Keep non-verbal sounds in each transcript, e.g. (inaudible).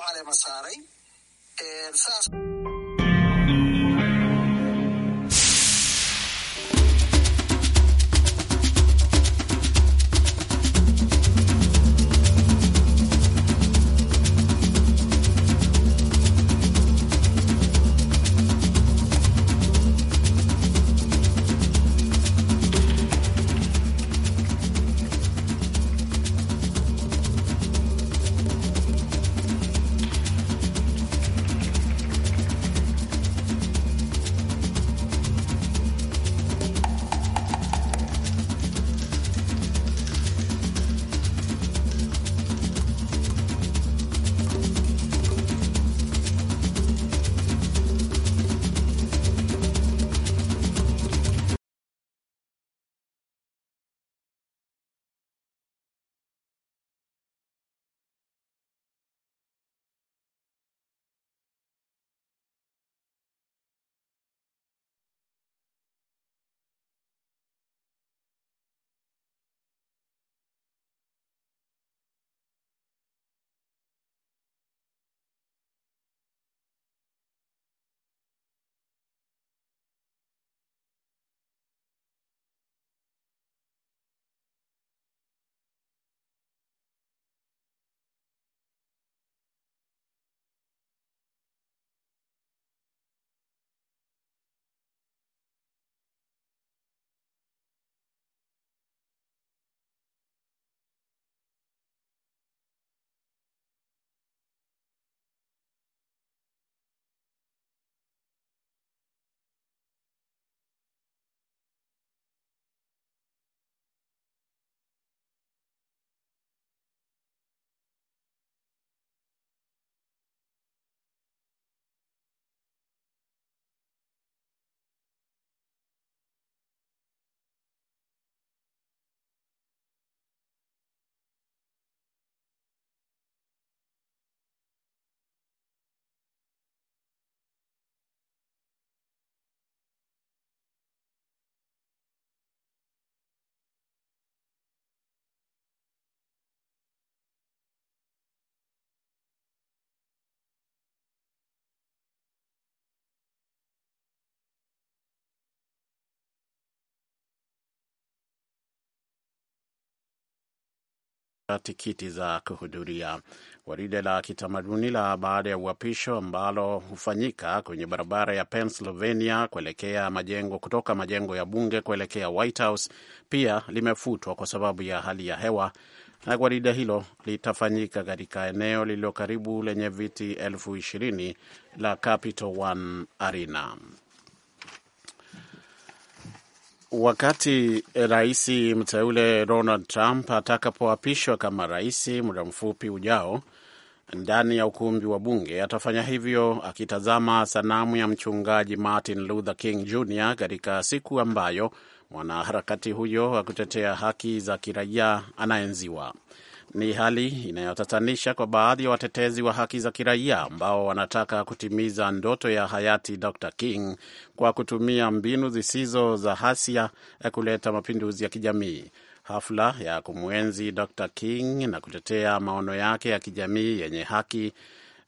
ku caleema saaray tikiti za kuhudhuria. Gwaride la kitamaduni la baada ya uhapisho ambalo hufanyika kwenye barabara ya Pennsylvania kuelekea majengo kutoka majengo ya bunge kuelekea White House pia limefutwa kwa sababu ya hali ya hewa, na gwaride hilo litafanyika katika eneo lililo karibu lenye viti elfu ishirini la Capital One Arena. Wakati eh, rais mteule Donald Trump atakapoapishwa kama rais muda mfupi ujao ndani ya ukumbi wa bunge, atafanya hivyo akitazama sanamu ya mchungaji Martin Luther King Jr katika siku ambayo mwanaharakati huyo wa kutetea haki za kiraia anaenziwa. Ni hali inayotatanisha kwa baadhi ya watetezi wa haki za kiraia ambao wanataka kutimiza ndoto ya hayati Dr King kwa kutumia mbinu zisizo za hasia ya eh, kuleta mapinduzi ya kijamii. Hafla ya kumwenzi Dr King na kutetea maono yake ya kijamii yenye haki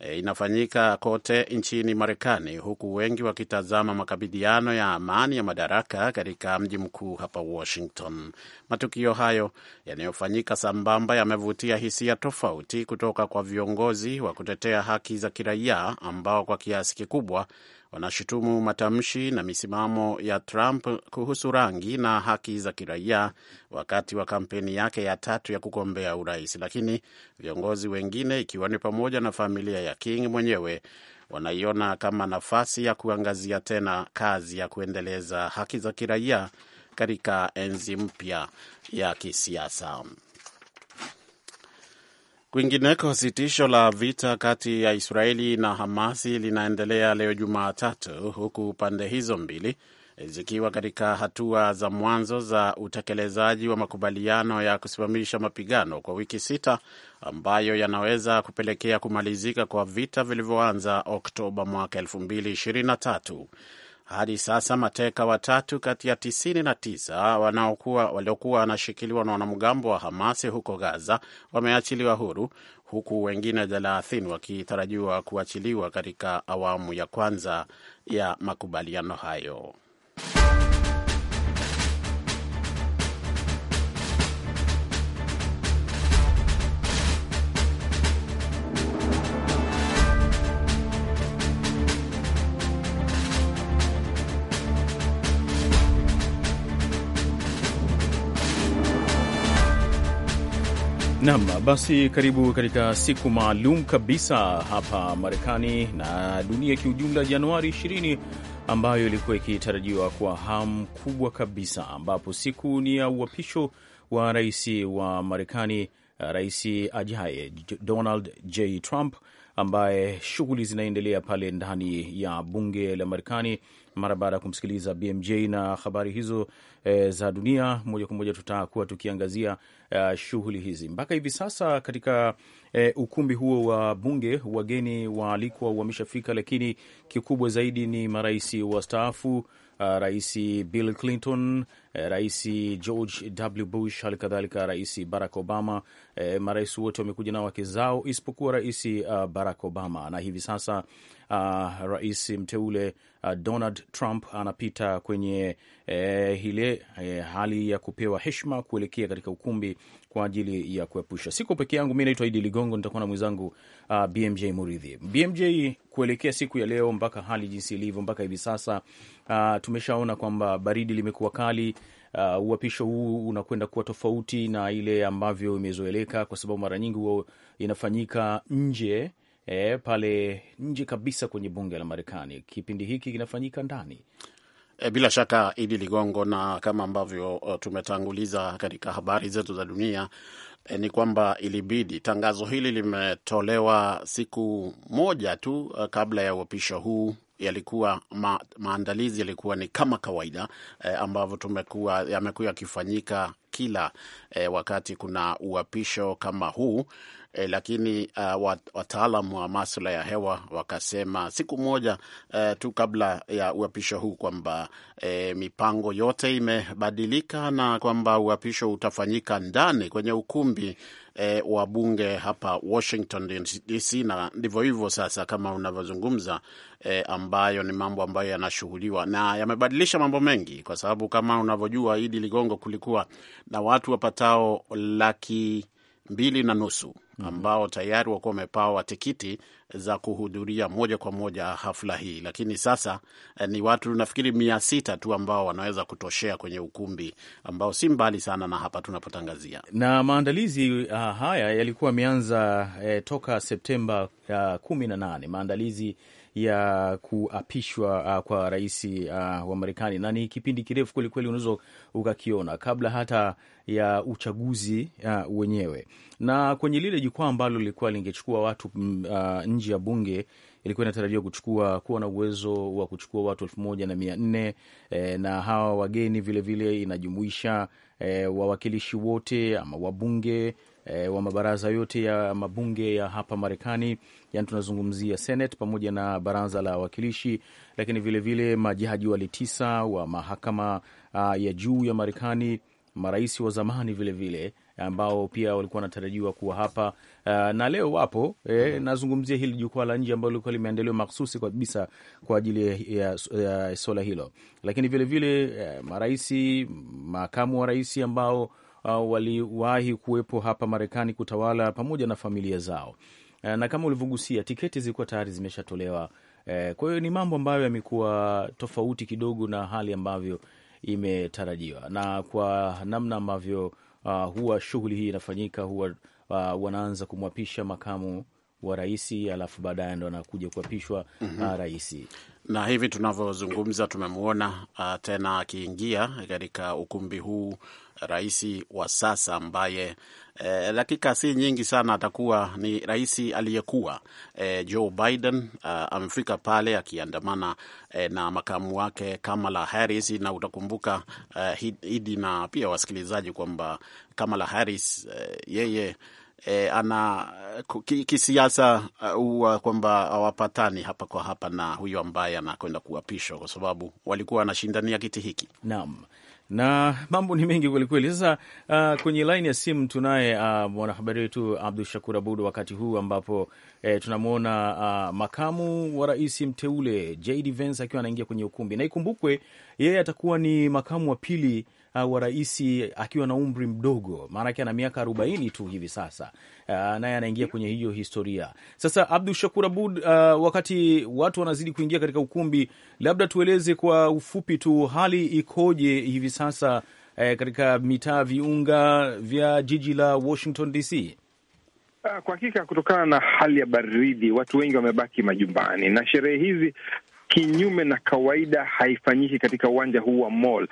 e, inafanyika kote nchini Marekani, huku wengi wakitazama makabidhiano ya amani ya madaraka katika mji mkuu hapa Washington. Matukio hayo yanayofanyika sambamba yamevutia hisia tofauti kutoka kwa viongozi wa kutetea haki za kiraia ambao kwa kiasi kikubwa wanashutumu matamshi na misimamo ya Trump kuhusu rangi na haki za kiraia wakati wa kampeni yake ya tatu ya kugombea urais, lakini viongozi wengine ikiwa ni pamoja na familia ya King mwenyewe wanaiona kama nafasi ya kuangazia tena kazi ya kuendeleza haki za kiraia katika enzi mpya ya kisiasa. Kwingineko, sitisho la vita kati ya Israeli na Hamasi linaendelea leo Jumatatu, huku pande hizo mbili zikiwa katika hatua za mwanzo za utekelezaji wa makubaliano ya kusimamisha mapigano kwa wiki sita ambayo yanaweza kupelekea kumalizika kwa vita vilivyoanza Oktoba mwaka 2023. Hadi sasa mateka watatu kati ya 99 waliokuwa wanashikiliwa na wanamgambo wa Hamasi huko Gaza wameachiliwa huru huku wengine 30 wakitarajiwa kuachiliwa katika awamu ya kwanza ya makubaliano hayo. Nam basi, karibu katika siku maalum kabisa hapa Marekani na dunia kiujumla, Januari 20 ambayo ilikuwa ikitarajiwa kwa hamu kubwa kabisa, ambapo siku ni ya uapisho wa rais wa Marekani, rais ajaye Donald J Trump ambaye shughuli zinaendelea pale ndani ya bunge la Marekani. Mara baada ya kumsikiliza BMJ na habari hizo e, za dunia, moja kwa moja tutakuwa tukiangazia uh, shughuli hizi mpaka hivi sasa katika e, ukumbi huo wa bunge. Wageni waalikwa wameshafika, lakini kikubwa zaidi ni marais wastaafu Uh, rais Bill Clinton, uh, Rais George W. Bush, hali kadhalika Rais Barack Obama. E, marais wote wamekuja na wake zao isipokuwa Rais uh, Barack Obama, na hivi sasa uh, rais mteule uh, Donald Trump anapita kwenye hile ile hali ya kupewa heshima kuelekea katika ukumbi kwa ajili ya kuepusha. Siko peke yangu, mi naitwa Idi Ligongo, nitakuwa na mwenzangu uh, BMJ Muridhi. BMJ, kuelekea siku ya leo, mpaka hali jinsi ilivyo mpaka hivi sasa, uh, tumeshaona kwamba baridi limekuwa kali. Uh, uapisho huu unakwenda kuwa tofauti na ile ambavyo imezoeleka, kwa sababu mara nyingi huo inafanyika nje eh, pale nje kabisa kwenye bunge la Marekani. Kipindi hiki kinafanyika ndani Eh, bila shaka Idi Ligongo, na kama ambavyo eh, tumetanguliza katika habari zetu za dunia e, ni kwamba ilibidi tangazo hili limetolewa siku moja tu kabla ya uapisho huu. Yalikuwa ma, maandalizi yalikuwa ni kama kawaida e, ambavyo tumekuwa yamekuwa yakifanyika kila e, wakati kuna uapisho kama huu eh, lakini uh, wataalamu wa maswala ya hewa wakasema siku moja uh, tu kabla ya uapisho huu kwamba eh, mipango yote imebadilika na kwamba uapisho utafanyika ndani kwenye ukumbi E, wa bunge hapa Washington DC, na ndivyo hivyo sasa kama unavyozungumza e, ambayo ni mambo ambayo yanashughuliwa na yamebadilisha mambo mengi, kwa sababu kama unavyojua Idi Ligongo, kulikuwa na watu wapatao laki mbili na nusu mhm. ambao tayari wakuwa wamepawa tikiti za kuhudhuria moja kwa moja hafla hii, lakini sasa eh, ni watu nafikiri mia sita tu ambao wanaweza kutoshea kwenye ukumbi ambao si mbali sana na hapa tunapotangazia. Na maandalizi uh, haya yalikuwa ameanza eh, toka Septemba uh, na nane maandalizi ya kuapishwa uh, kwa rais uh, wa Marekani, na ni kipindi kirefu kwelikweli, unaweza ukakiona kabla hata ya uchaguzi uh, wenyewe. Na kwenye lile jukwaa ambalo lilikuwa lingechukua watu mm, uh, nje ya bunge ilikuwa inatarajiwa kuchukua kuwa na uwezo wa kuchukua watu elfu moja na mia nne eh, na hawa wageni vilevile vile inajumuisha eh, wawakilishi wote ama wabunge e, wa mabaraza yote ya mabunge ya hapa Marekani, yani tunazungumzia Senate pamoja na baraza la wawakilishi, lakini vilevile majaji wale tisa wa mahakama a, ya juu ya Marekani, marais wa zamani vilevile vile, ambao pia walikuwa wanatarajiwa kuwa hapa Uh, na leo wapo -hmm. nazungumzia hili jukwaa la nje ambalo lilikuwa limeandaliwa makhususi kabisa kwa ajili ya, ya, ya swala hilo, lakini vilevile e, marais makamu wa rais ambao uh, waliwahi kuwepo hapa Marekani kutawala pamoja na familia zao, uh, na kama ulivyogusia tiketi zilikuwa tayari zimeshatolewa. Uh, kwa hiyo ni mambo ambayo yamekuwa tofauti kidogo na hali ambavyo imetarajiwa na kwa namna ambavyo uh, huwa shughuli hii inafanyika huwa uh, wanaanza kumwapisha makamu wa raisi alafu baadaye ndo anakuja kuapishwa mm -hmm. raisi na hivi tunavyozungumza tumemwona uh, tena akiingia katika ukumbi huu rais wa sasa ambaye eh, dakika si nyingi sana atakuwa ni rais aliyekuwa eh, Joe Biden uh, amefika pale akiandamana eh, na makamu wake Kamala Harris, na utakumbuka uh, Idi na pia wasikilizaji kwamba Kamala Harris eh, yeye e, ana kisiasa e, huwa uh, kwamba hawapatani hapa kwa hapa na huyo ambaye anakwenda kuapishwa, kwa sababu walikuwa wanashindania kiti hiki. Naam, na mambo ni mengi kwelikweli. Sasa uh, kwenye laini ya simu tunaye uh, mwanahabari wetu Abdu Shakur Abud, wakati huu ambapo eh, tunamwona uh, makamu wa rais mteule JD Vance akiwa anaingia kwenye ukumbi, na ikumbukwe yeye atakuwa ni makamu wa pili Uh, wa rais akiwa na umri mdogo, maanake ana miaka arobaini tu hivi sasa, uh, naye anaingia kwenye hiyo historia. Sasa Abdu Shakur Abud, uh, wakati watu wanazidi kuingia katika ukumbi, labda tueleze kwa ufupi tu hali ikoje hivi sasa uh, katika mitaa viunga vya jiji la Washington DC? Kwa hakika kutokana na hali ya baridi, watu wengi wamebaki majumbani na sherehe hizi kinyume na kawaida haifanyiki katika uwanja huu wa Mall.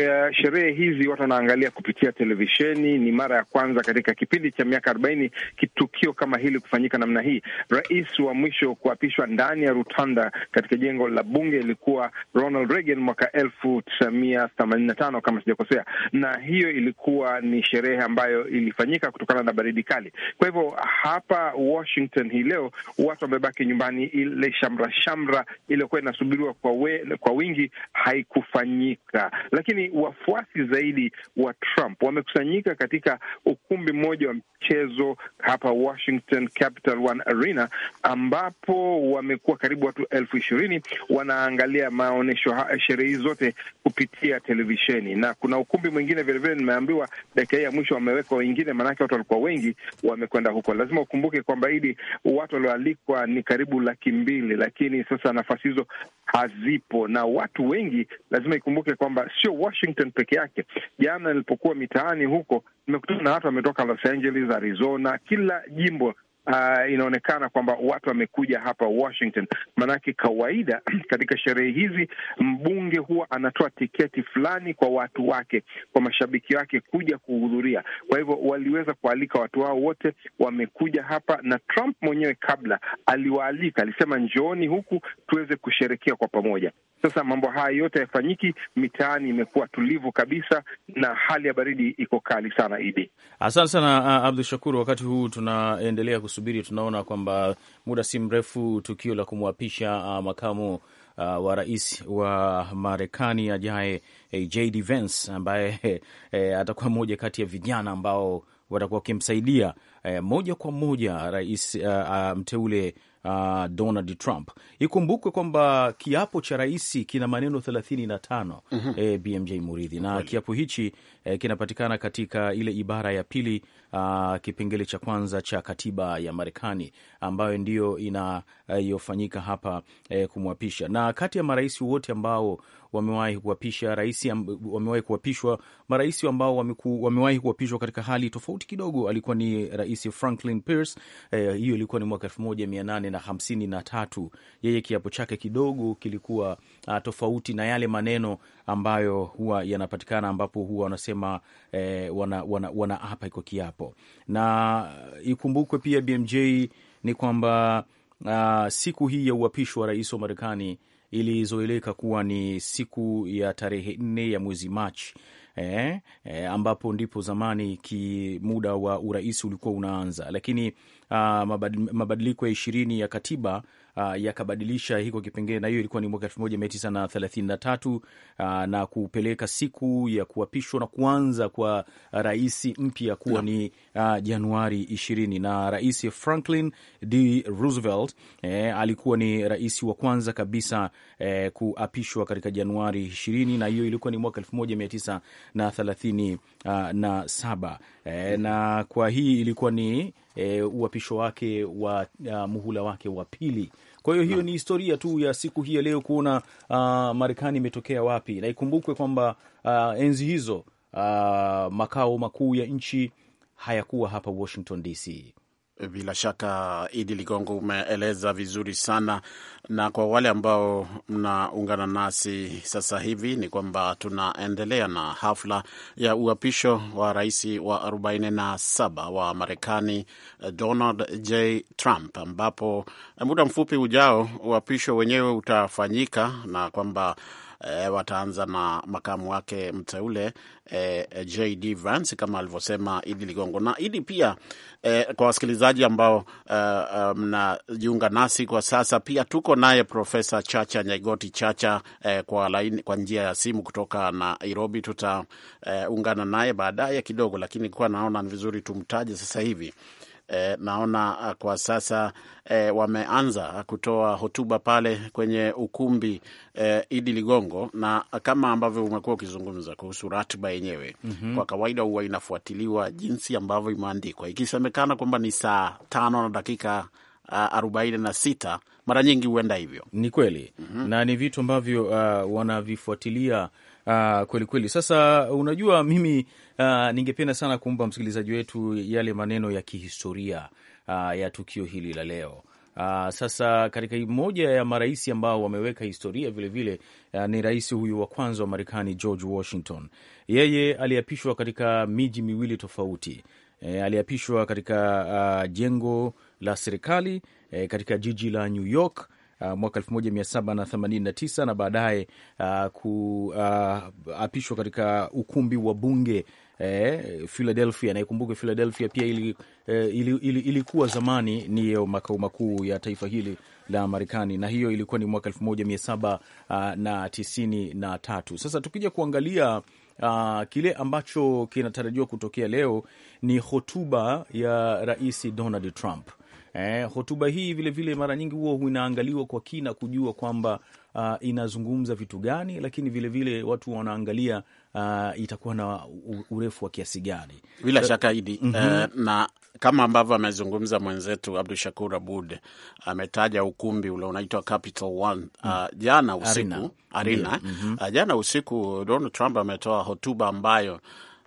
Sherehe hizi watu wanaangalia kupitia televisheni. Ni mara ya kwanza katika kipindi cha miaka arobaini kitukio kama hili kufanyika namna hii. Rais wa mwisho kuapishwa ndani ya Rutanda katika jengo la bunge ilikuwa Ronald Reagan mwaka elfu tisa mia themanini na tano kama sijakosea, na hiyo ilikuwa ni sherehe ambayo ilifanyika kutokana na baridi kali. Kwa hivyo hapa Washington hii leo watu wamebaki nyumbani, ile shamra shamra iliyokuwa inasubiriwa kwa, kwa wingi haikufanyika lakini lakini wafuasi zaidi wa Trump wamekusanyika katika ukumbi mmoja wa mchezo hapa Washington Capital One Arena, ambapo wamekuwa karibu watu elfu ishirini wanaangalia maonyesho sherehe zote kupitia televisheni, na kuna ukumbi mwingine vilevile, nimeambiwa dakika hii ya mwisho wamewekwa wengine, maanake watu walikuwa wengi wamekwenda huko. Lazima ukumbuke kwamba idi watu walioalikwa ni karibu laki mbili, lakini sasa nafasi hizo hazipo na watu wengi, lazima ikumbuke kwamba sio Washington peke yake. Jana nilipokuwa mitaani huko, nimekutana na watu wametoka Los Angeles, Arizona, kila jimbo Uh, inaonekana kwamba watu wamekuja hapa Washington, maanake kawaida (clears throat) katika sherehe hizi mbunge huwa anatoa tiketi fulani kwa watu wake, kwa mashabiki wake kuja kuhudhuria. Kwa hivyo waliweza kualika watu wao wote, wamekuja hapa, na Trump mwenyewe kabla aliwaalika, alisema njooni huku tuweze kusherekea kwa pamoja. Sasa mambo haya yote hayafanyiki, mitaani imekuwa tulivu kabisa na hali ya baridi iko kali sana. Idi, asante sana uh, Abdu Shakur. Wakati huu tunaendelea kusubiri, tunaona kwamba muda si mrefu tukio la kumwapisha uh, makamu Uh, wa rais wa Marekani ajaye eh, JD Vance ambaye eh, (laughs) eh, atakuwa moja kati ya vijana ambao watakuwa wakimsaidia eh, moja kwa moja rais uh, uh, mteule uh, Donald Trump. Ikumbukwe kwamba kiapo cha rais kina maneno thelathini na tano mm -hmm. eh, BMJ Muridhi na okay. kiapo hichi eh, kinapatikana katika ile ibara ya pili uh, kipengele cha kwanza cha katiba ya Marekani ambayo ndiyo inayofanyika uh, hapa eh, kumwapisha. Na kati ya marais wote ambao wamewahi kuapisha rais, wamewahi kuapishwa marais ambao wamewahi kuapishwa katika hali tofauti kidogo, alikuwa ni Rais Franklin Pierce. Eh, hiyo ilikuwa ni mwaka elfu moja mia nane na hamsini na tatu. Yeye kiapo chake kidogo kilikuwa uh, tofauti na yale maneno ambayo huwa yanapatikana ambapo huwa wanasema wanasema eh, wana, wana, wana iko kiapo. Na ikumbukwe pia BMJ ni kwamba uh, siku hii ya uapisho wa rais wa Marekani ilizoeleka kuwa ni siku ya tarehe nne ya mwezi Machi eh, eh, ambapo ndipo zamani kimuda wa urais ulikuwa unaanza, lakini uh, mabadiliko ya ishirini ya katiba uh, yakabadilisha hiko kipengele, na hiyo ilikuwa ni mwaka elfu moja mia tisa na thelathini na tatu uh, na kupeleka siku ya kuapishwa na kuanza kwa rais mpya kuwa ni uh, Januari ishirini na Rais Franklin D Roosevelt eh, alikuwa ni rais wa kwanza kabisa eh, kuapishwa katika Januari ishirini na hiyo ilikuwa ni mwaka elfu moja mia tisa na thelathini uh, na saba eh, na kwa hii ilikuwa ni e, uapisho wake wa uh, muhula wake wa pili. Kwa hiyo hiyo ni historia tu ya siku hii ya leo kuona uh, Marekani imetokea wapi, na ikumbukwe kwamba uh, enzi hizo uh, makao makuu ya nchi hayakuwa hapa Washington DC. Eh, bila shaka Idi Ligongo, umeeleza vizuri sana, na kwa wale ambao mnaungana nasi sasa hivi ni kwamba tunaendelea na hafla ya uapisho wa rais wa 47 wa Marekani eh, Donald J Trump, ambapo eh, muda mfupi ujao uapisho wenyewe utafanyika na kwamba e, wataanza na makamu wake mteule e, eh, eh, JD Vance kama alivyosema Idi Ligongo na Idi pia e, kwa wasikilizaji ambao mnajiunga um, nasi kwa sasa, pia tuko naye Profesa Chacha Nyaigoti Chacha e, kwa laini, kwa njia ya simu kutoka Nairobi. Tutaungana e, naye baadaye kidogo, lakini kuwa naona ni vizuri tumtaje sasa hivi. Eh, naona ah, kwa sasa e, wameanza kutoa hotuba pale kwenye ukumbi e, Idi Ligongo, na kama ambavyo umekuwa ukizungumza kuhusu ratiba yenyewe mm -hmm. Kwa kawaida huwa inafuatiliwa jinsi ambavyo imeandikwa, ikisemekana kwamba ni saa tano na dakika ah, arobaini na sita mara nyingi huenda hivyo. Ni kweli mm -hmm. na ni vitu ambavyo uh, wanavifuatilia kwelikweli ah, kweli kweli. Sasa unajua mimi uh, ningependa sana kumpa msikilizaji wetu yale maneno ya kihistoria uh, ya tukio hili la leo. Uh, sasa katika moja ya marais ambao wameweka historia vilevile vile, uh, ni rais huyu wa kwanza wa Marekani George Washington. Yeye aliapishwa katika miji miwili tofauti. E, aliapishwa katika uh, jengo la serikali e, katika jiji la New York uh, mwaka 1789 na, na baadaye uh, kuapishwa uh, katika ukumbi wa bunge eh, Philadelphia. Naikumbuke Philadelphia pia ili, eh, ili, ili, ilikuwa zamani niyo makao makuu ya taifa hili la Marekani, na hiyo ilikuwa ni mwaka 1793. Sasa tukija kuangalia Uh, kile ambacho kinatarajiwa kutokea leo ni hotuba ya Rais Donald Trump Eh, hotuba hii vilevile vile mara nyingi huwa inaangaliwa kwa kina kujua kwamba uh, inazungumza vitu gani, lakini vilevile vile watu wanaangalia uh, itakuwa na urefu wa kiasi gani bila uh, shaka idi uh uh, na kama ambavyo amezungumza mwenzetu Abdu Shakur Abud ametaja ukumbi ule unaitwa Capital One uh, jana usiku arena, arena. Mm -hmm. uh, jana usiku Donald Trump ametoa hotuba ambayo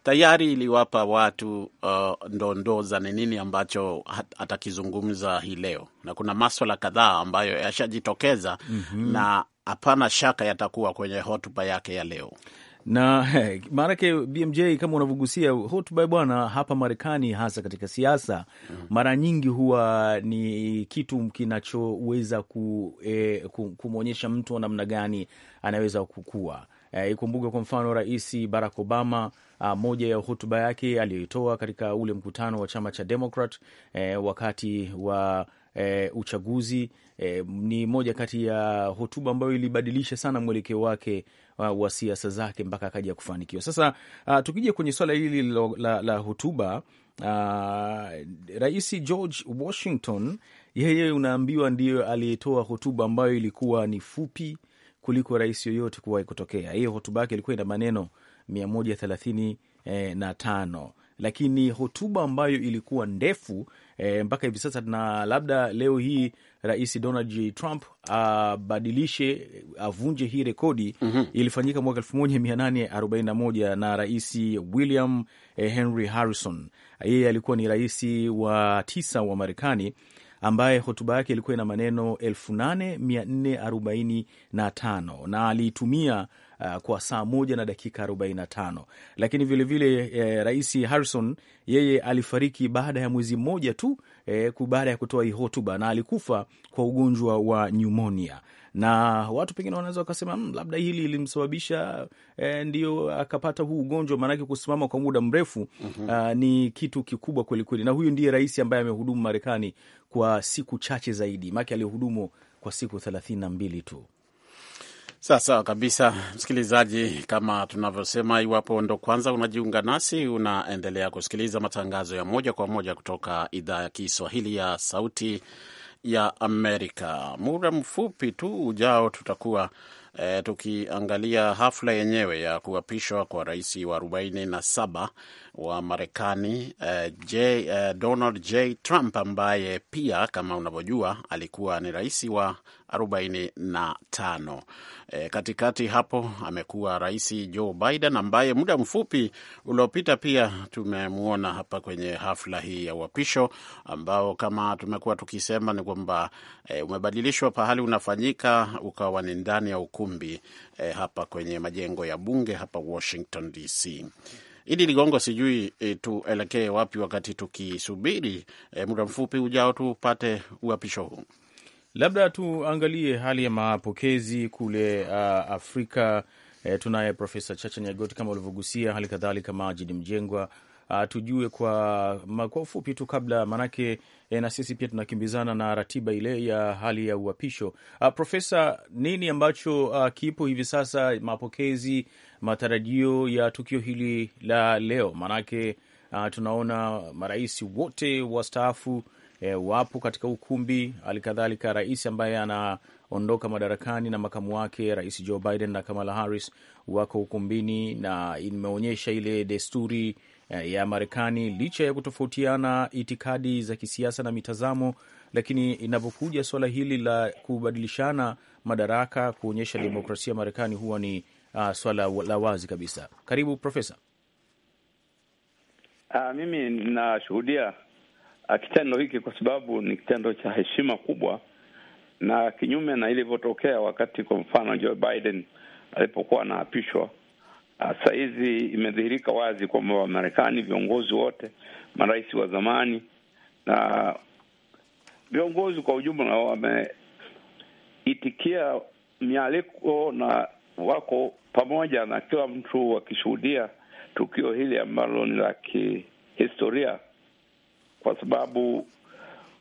tayari iliwapa watu uh, ndondoo za ni nini ambacho atakizungumza hii leo, na kuna maswala kadhaa ambayo yashajitokeza mm -hmm. na hapana shaka yatakuwa kwenye hotuba yake ya leo na maanake BMJ kama unavyogusia hotuba ya bwana hapa Marekani, hasa katika siasa mm mara nyingi huwa ni kitu kinachoweza ku, eh, kumwonyesha mtu wa namna gani anaweza kukua Eh, ikumbuke kwa mfano Rais Barack Obama uh, moja ya hotuba yake aliyoitoa katika ule mkutano wa chama cha Democrat eh, wakati wa eh, uchaguzi eh, ni moja kati ya hotuba ambayo ilibadilisha sana mwelekeo wake wa, wa siasa zake mpaka akaja kufanikiwa. Sasa uh, tukija kwenye swala hili la, la, la hotuba uh, Rais George Washington yeye unaambiwa ndiyo aliyetoa hotuba ambayo ilikuwa ni fupi kuliko rais yoyote kuwahi kutokea. Hiyo hotuba yake ilikuwa ina maneno mia moja thelathini na tano lakini hotuba ambayo ilikuwa ndefu e, mpaka hivi sasa, na labda leo hii Rais Donald J. Trump abadilishe avunje hii rekodi mm -hmm. Ilifanyika mwaka 1841 na Rais William eh, Henry Harrison, yeye alikuwa ni rais wa tisa wa Marekani ambaye hotuba yake ilikuwa ina maneno 8445 na na aliitumia uh, kwa saa moja na dakika 45. lakini vilevile vile, eh, Rais Harrison yeye alifariki baada ya mwezi mmoja tu eh, baada ya kutoa hii hotuba na alikufa kwa ugonjwa wa nyumonia na watu pengine wanaweza wakasema hmm, labda hili ilimsababisha e, ndio akapata huu ugonjwa, maanake kusimama kwa muda mrefu mm -hmm. ni kitu kikubwa kwelikweli, na huyu ndiye rais ambaye amehudumu Marekani kwa siku chache zaidi, maake alihudumu kwa siku thelathini na mbili tu. Sawa sawa kabisa, msikilizaji, kama tunavyosema, iwapo ndo kwanza unajiunga nasi, unaendelea kusikiliza matangazo ya moja kwa moja kutoka idhaa ya Kiswahili ya Sauti ya Amerika. Muda mfupi tu ujao tutakuwa E, tukiangalia hafla yenyewe ya kuapishwa kwa rais wa 47 wa Marekani e, J, e, Donald J Trump ambaye pia kama unavyojua alikuwa ni rais wa 45. E, katikati hapo amekuwa rais Joe Biden ambaye muda mfupi uliopita pia tumemwona hapa kwenye hafla hii ya uapisho ambao kama tumekuwa tukisema ni kwamba e, umebadilishwa pahali unafanyika ukawa ni ndani ya ukumbi ukumbi eh, hapa kwenye majengo ya bunge hapa Washington DC. Idi Ligongo, sijui e, tuelekee wapi wakati tukisubiri e, muda mfupi ujao tupate uhapisho huu. Labda tuangalie hali ya mapokezi kule uh, Afrika. E, tunaye Profesa Chacha Nyagoti kama ulivyogusia, hali kadhalika Majid Mjengwa uh, tujue kwa, kwa ufupi tu kabla maanake E, eh, na sisi pia tunakimbizana na ratiba ile ya hali ya uapisho. Ah, Profesa, nini ambacho uh, kipo hivi sasa, mapokezi, matarajio ya tukio hili la leo? Maanake uh, tunaona marais wote wastaafu e, wapo katika ukumbi, halikadhalika rais ambaye anaondoka madarakani na makamu wake, Rais Joe Biden na Kamala Harris wako ukumbini, na imeonyesha ile desturi Eh, ya Marekani, licha ya kutofautiana itikadi za kisiasa na mitazamo, lakini inapokuja suala hili la kubadilishana madaraka, kuonyesha demokrasia Marekani, huwa ni uh, swala la wazi kabisa. Karibu Profesa. Uh, mimi ninashuhudia uh, kitendo hiki kwa sababu ni kitendo cha heshima kubwa na kinyume na ilivyotokea wakati, kwa mfano, Joe Biden alipokuwa anaapishwa Ah, Sasa hizi imedhihirika wazi kwamba Wamarekani, viongozi wote, marais wa zamani na viongozi kwa ujumla, wameitikia mialiko na wako pamoja na kila mtu, wakishuhudia tukio hili ambalo ni la kihistoria, kwa sababu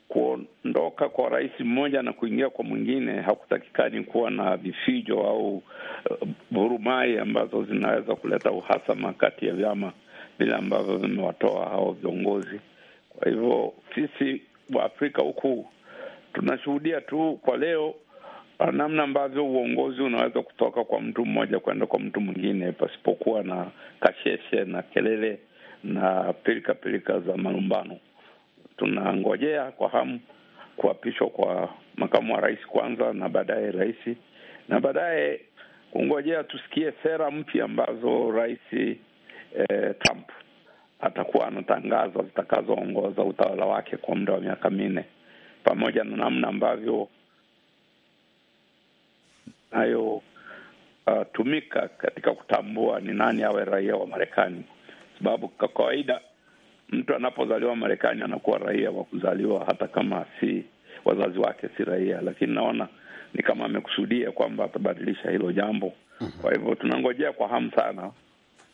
kuondoka kwa rais mmoja na kuingia kwa mwingine, hakutakikani kuwa na vifijo au eh, vurumai ambazo zinaweza kuleta uhasama kati ya vyama vile ambavyo vimewatoa hao viongozi. Kwa hivyo sisi Waafrika huku tunashuhudia tu kwa leo eh, namna ambavyo uongozi unaweza kutoka kwa mtu mmoja kwenda kwa mtu mwingine pasipokuwa na kasheshe na kelele na pilikapilika pilika za malumbano tunangojea kwa hamu kuapishwa kwa makamu wa rais kwanza, na baadaye rais, na baadaye kungojea tusikie sera mpya ambazo rais eh, Trump atakuwa anatangaza zitakazoongoza utawala wake kwa muda wa miaka minne, pamoja na namna ambavyo nayotumika ah, uh, katika kutambua ni nani awe raia wa Marekani, sababu kwa kawaida mtu anapozaliwa Marekani anakuwa raia wa kuzaliwa, hata kama si wazazi wake si raia, lakini naona ni kama amekusudia kwamba atabadilisha hilo jambo. Mhm. Kwa hivyo tunangojea kwa hamu sana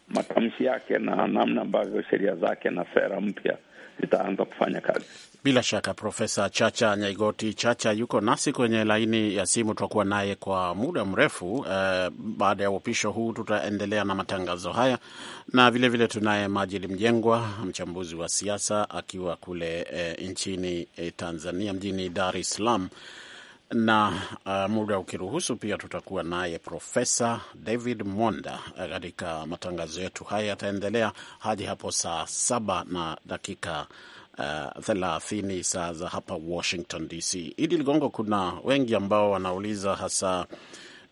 matamshi yake na namna ambavyo sheria zake na sera mpya itaanza kufanya kazi. Bila shaka, Profesa Chacha Nyaigoti Chacha yuko nasi kwenye laini ya simu, tutakuwa naye kwa muda mrefu eh. Baada ya uapisho huu, tutaendelea na matangazo haya na vilevile vile tunaye Majid Mjengwa, mchambuzi wa siasa akiwa kule eh, nchini eh, Tanzania, mjini Dar es Salaam na uh, muda ukiruhusu pia tutakuwa naye Profesa David Monda uh, katika matangazo yetu haya, yataendelea hadi hapo saa saba na dakika uh, saa za hapa Washington DC. Idi Ligongo, kuna wengi ambao wanauliza hasa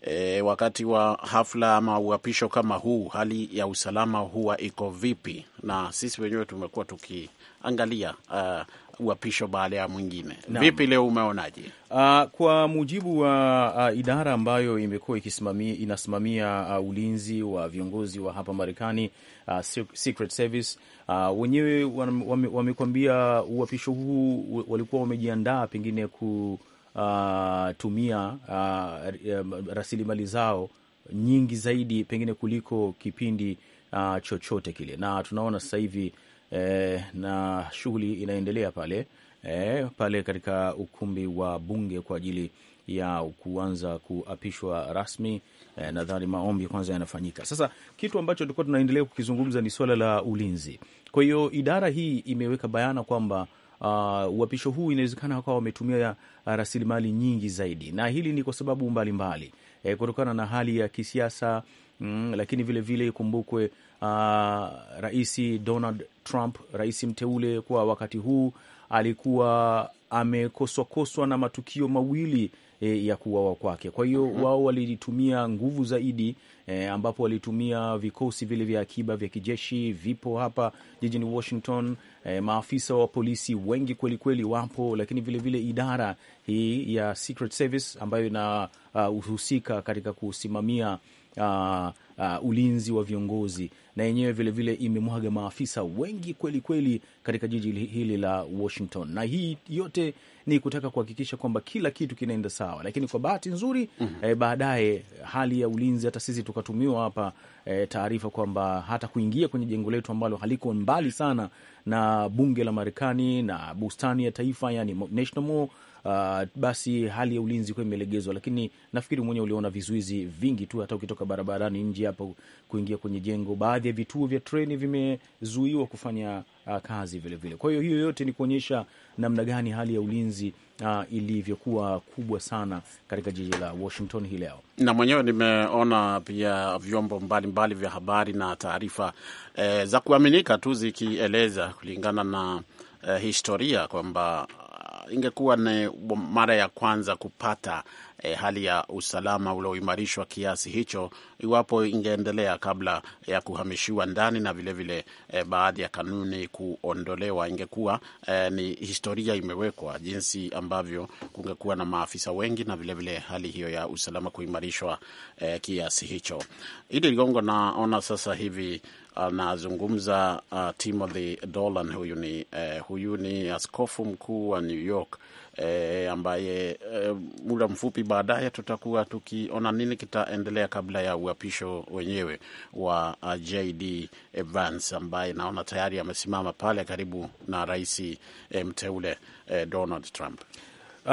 E, wakati wa hafla ama uapisho kama huu, hali ya usalama huwa iko vipi? Na sisi wenyewe tumekuwa tukiangalia uh, uapisho baada ya mwingine. Vipi leo umeonaje? Uh, kwa mujibu wa uh, idara ambayo imekuwa inasimamia uh, ulinzi wa viongozi wa hapa Marekani, uh, Secret Service uh, wenyewe wamekwambia wame uapisho huu walikuwa wamejiandaa pengine kutumia uh, uh, eh, rasilimali zao nyingi zaidi pengine kuliko kipindi uh, chochote kile, na tunaona sasa hivi eh, na shughuli inaendelea pale eh, pale katika ukumbi wa bunge kwa ajili ya kuanza kuapishwa rasmi eh, nadhani maombi kwanza yanafanyika sasa. Kitu ambacho tulikuwa tunaendelea kukizungumza ni swala la ulinzi. Kwa hiyo idara hii imeweka bayana kwamba uh, uapisho huu inawezekana wakawa wametumia ah, rasilimali nyingi zaidi, na hili ni kwa sababu mbalimbali mbali. Eh, e, kutokana na hali ya kisiasa mm, lakini vilevile ikumbukwe uh, Rais Donald Trump, rais mteule kwa wakati huu, alikuwa amekoswakoswa na matukio mawili E, ya kuwawa kwake. Kwa hiyo mhm. wao walitumia nguvu zaidi e, ambapo walitumia vikosi vile vya akiba vya kijeshi vipo hapa jijini Washington. E, maafisa wa polisi wengi kwelikweli kweli wapo, lakini vilevile vile idara hii ya Secret Service ambayo inahusika uh, katika kusimamia uh, uh, ulinzi wa viongozi na yenyewe vilevile imemwaga maafisa wengi kweli kweli katika jiji hili la Washington, na hii yote ni kutaka kuhakikisha kwamba kila kitu kinaenda sawa, lakini kwa bahati nzuri mm -hmm. eh, baadaye hali ya ulinzi, hata sisi tukatumiwa hapa eh, taarifa kwamba hata kuingia kwenye jengo letu ambalo haliko mbali sana na bunge la Marekani na bustani ya taifa, yani National Mall uh, basi hali ya ulinzi kuwa imelegezwa, lakini nafikiri mwenyewe uliona vizuizi vingi tu, hata ukitoka barabarani nje hapo kuingia kwenye jengo, baadhi ya vituo vya treni vimezuiwa kufanya uh, kazi vilevile. Kwa hiyo hiyo yote ni kuonyesha namna gani hali ya ulinzi uh, ilivyokuwa kubwa sana katika jiji la Washington hii leo. Na mwenyewe nimeona pia vyombo mbalimbali vya habari na taarifa eh, za kuaminika tu zikieleza kulingana na eh, historia kwamba ingekuwa ni mara ya kwanza kupata eh, hali ya usalama ulioimarishwa kiasi hicho, iwapo ingeendelea kabla ya kuhamishiwa ndani na vilevile vile, eh, baadhi ya kanuni kuondolewa, ingekuwa eh, ni historia imewekwa jinsi ambavyo kungekuwa na maafisa wengi na vilevile vile hali hiyo ya usalama kuimarishwa eh, kiasi hicho. Ili Ligongo, naona sasa hivi anazungumza uh, uh, Timothy Dolan. Huyu ni uh, huyu ni askofu mkuu wa New York uh, ambaye uh, muda mfupi baadaye tutakuwa tukiona nini kitaendelea kabla ya uapisho wenyewe wa uh, JD Vance ambaye naona tayari amesimama pale karibu na rais uh, mteule uh, Donald Trump. Uh,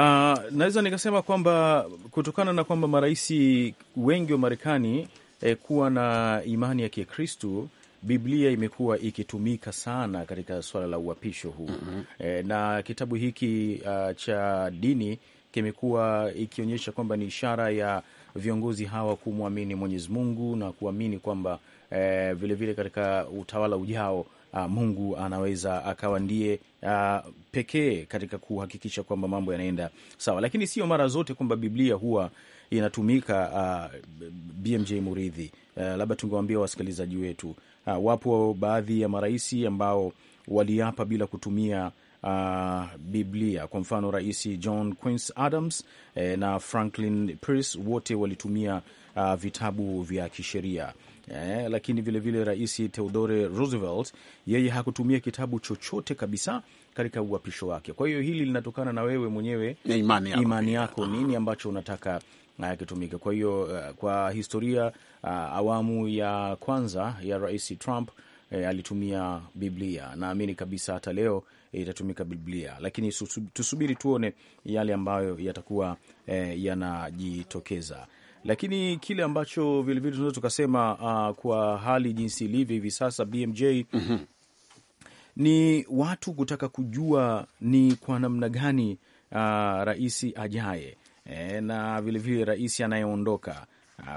naweza nikasema kwamba kutokana na kwamba maraisi wengi wa Marekani eh, kuwa na imani ya Kikristu Biblia imekuwa ikitumika sana katika swala la uapisho huu mm -hmm. E, na kitabu hiki uh, cha dini kimekuwa ikionyesha kwamba ni ishara ya viongozi hawa kumwamini Mwenyezi Mungu na kuamini kwamba eh, vilevile katika utawala ujao ah, Mungu anaweza akawa ndiye ah, pekee katika kuhakikisha kwamba mambo yanaenda sawa, lakini sio mara zote kwamba Biblia huwa inatumika ah, uh, BMJ Muridhi, ah, labda tungewaambia wasikilizaji wetu uh, wapo baadhi ya maraisi ambao waliapa bila kutumia Uh, Biblia kwa mfano Rais John Quincy Adams eh, na Franklin Pierce wote walitumia uh, vitabu vya kisheria eh, lakini vilevile Rais Theodore Roosevelt yeye hakutumia kitabu chochote kabisa katika uapisho wake. Kwa hiyo hili linatokana na wewe mwenyewe, imani yako, imani yako nini ambacho unataka yakitumika. Kwa hiyo eh, kwa historia, eh, awamu ya kwanza ya Rais Trump E, alitumia Biblia. Naamini kabisa hata leo itatumika Biblia, lakini tusubiri tuone yale ambayo yatakuwa e, yanajitokeza. Lakini kile ambacho vilevile tunaweza tukasema uh, kwa hali jinsi ilivyo hivi sasa BMJ mm -hmm. ni watu kutaka kujua ni kwa namna gani uh, rais ajaye e, na vilevile rais anayeondoka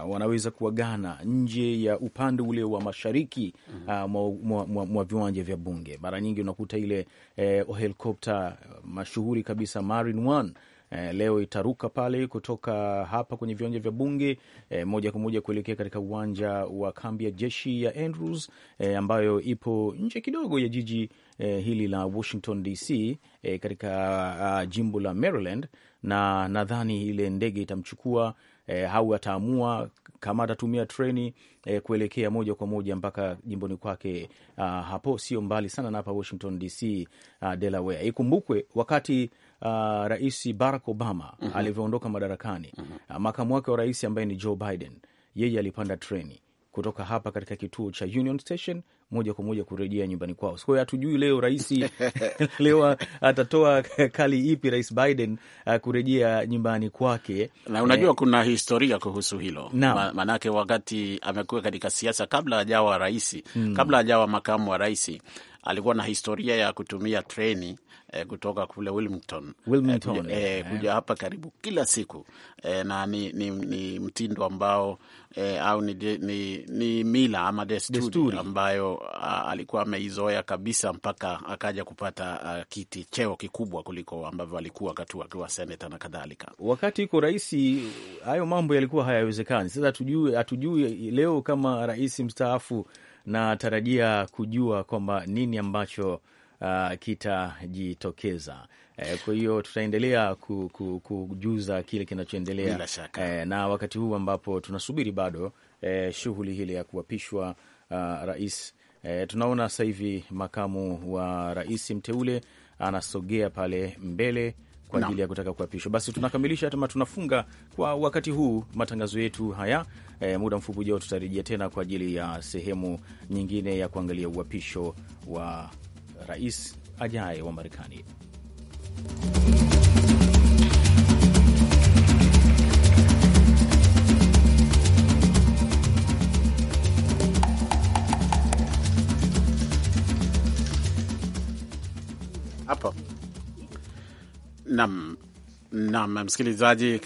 wanaweza kuagana nje ya upande ule wa mashariki mwa, mwa, mwa, mwa viwanja vya bunge. Mara nyingi unakuta ile eh, helikopta mashuhuri kabisa Marine One eh, leo itaruka pale kutoka hapa kwenye viwanja vya bunge eh, moja kwa moja kuelekea katika uwanja wa kambi ya jeshi ya Andrews eh, ambayo ipo nje kidogo ya jiji eh, hili la Washington DC eh, katika uh, jimbo la Maryland, na nadhani ile ndege itamchukua eh, au ataamua kama atatumia treni eh, kuelekea moja kwa moja mpaka jimboni kwake. Uh, hapo sio mbali sana na hapa Washington DC, uh, ah, Delaware. Ikumbukwe wakati uh, Rais Barack Obama mm -hmm. alivyoondoka madarakani mm -hmm. uh, makamu wake wa rais ambaye ni Joe Biden yeye alipanda treni kutoka hapa katika kituo cha Union Station moja kwa moja kurejea nyumbani kwao. Kwa hiyo hatujui leo rais (laughs) leo atatoa kali ipi Rais Biden uh, kurejea nyumbani kwake, na unajua eh, kuna historia kuhusu hilo ma, manake wakati amekuwa katika siasa kabla ajawa rais mm, kabla ajawa makamu wa rais alikuwa na historia ya kutumia treni eh, kutoka kule Wilmington, Wilmington eh, kuja, eh. eh, kuja hapa karibu kila siku eh, na ni, ni, ni mtindo ambao eh, au ni, ni, ni mila ama desturi, desturi ambayo a, alikuwa ameizoea kabisa mpaka akaja kupata a, kiti cheo kikubwa kuliko ambavyo alikuwa wakati akiwa seneta na kadhalika. Wakati yuko rais, hayo mambo yalikuwa hayawezekani. Sasa hatujui hatujui leo kama rais mstaafu natarajia kujua kwamba nini ambacho uh, kitajitokeza. Eh, kwa hiyo tutaendelea kujuza kile kinachoendelea eh, na wakati huu ambapo tunasubiri bado eh, shughuli hile ya kuapishwa uh, rais E, tunaona sasa hivi makamu wa rais mteule anasogea pale mbele kwa ajili ya kutaka kuapishwa. Basi tunakamilisha ama tunafunga kwa wakati huu matangazo yetu haya. E, muda mfupi ujao tutarejea tena kwa ajili ya sehemu nyingine ya kuangalia uapisho wa rais ajaye wa Marekani. Hapo nam nam msikilizaji